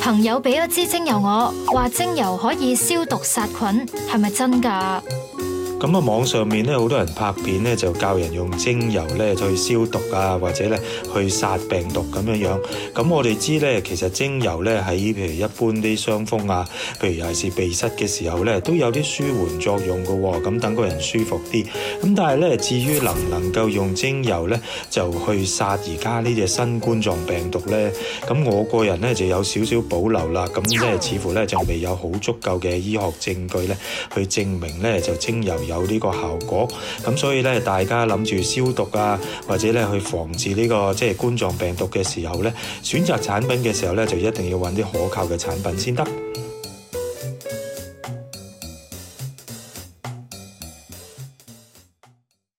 朋友俾咗支精油我，話精油可以消毒殺菌，係咪真㗎？咁啊，網上面咧，好多人拍片咧，就教人用精油咧去消毒啊，或者咧去殺病毒咁樣樣，咁我哋知咧，其實精油咧喺譬如一般啲傷風啊，譬如尤其係鼻塞嘅時候咧，都有啲舒緩作用嘅，咁等個人舒服啲。咁但係咧，至於能唔能夠用精油咧就去殺而家呢隻新冠狀病毒咧，咁我個人咧就有少少保留啦。咁咧似乎咧就未有好足夠嘅醫學證據咧去證明咧就精油有呢個效果，咁所以咧，大家諗住消毒啊，或者咧去防治呢、這個即係、就是、冠狀病毒嘅時候咧，選擇產品嘅時候咧，就一定要揾啲可靠嘅產品先得。